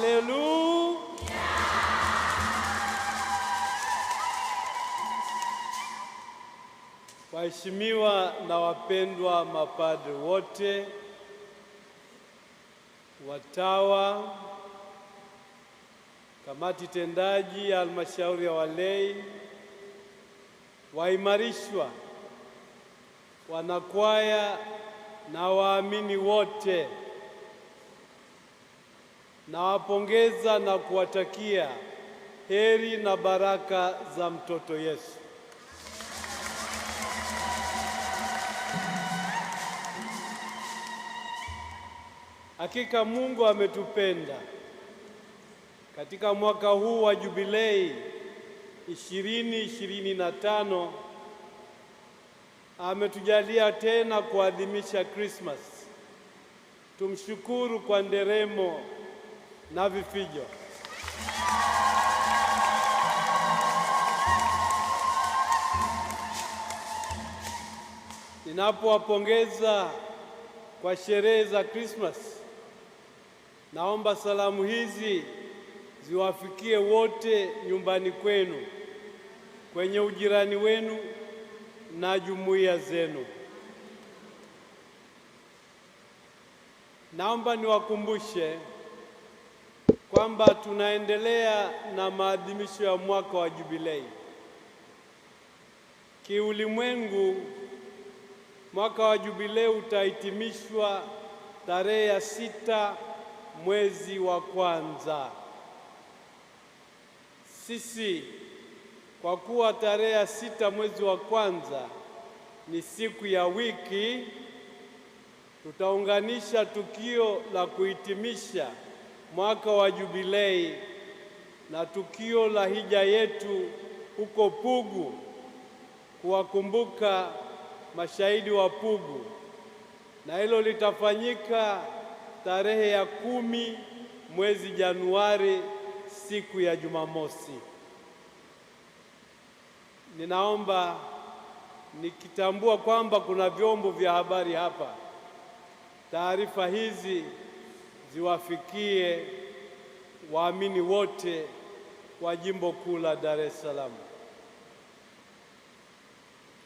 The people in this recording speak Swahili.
Hallelujah. Waheshimiwa na wapendwa mapadri wote, watawa, kamati tendaji ya halmashauri ya walei, waimarishwa, wanakwaya na waamini wote Nawapongeza na kuwatakia heri na baraka za mtoto Yesu. Hakika Mungu ametupenda katika mwaka huu wa jubilei 2025 ametujalia tena kuadhimisha krismas Tumshukuru kwa nderemo na vifijo. Ninapowapongeza kwa sherehe za Christmas, naomba salamu hizi ziwafikie wote nyumbani kwenu, kwenye ujirani wenu na jumuiya zenu. Naomba niwakumbushe kwamba tunaendelea na maadhimisho ya mwaka wa jubilei kiulimwengu. Mwaka wa jubilei utahitimishwa tarehe ya sita mwezi wa kwanza. Sisi kwa kuwa tarehe ya sita mwezi wa kwanza ni siku ya wiki, tutaunganisha tukio la kuhitimisha mwaka wa jubilei na tukio la hija yetu huko Pugu, kuwakumbuka mashahidi wa Pugu, na hilo litafanyika tarehe ya kumi mwezi Januari, siku ya Jumamosi. Ninaomba nikitambua kwamba kuna vyombo vya habari hapa, taarifa hizi ziwafikie waamini wote wa Jimbo Kuu la Dar es Salaam.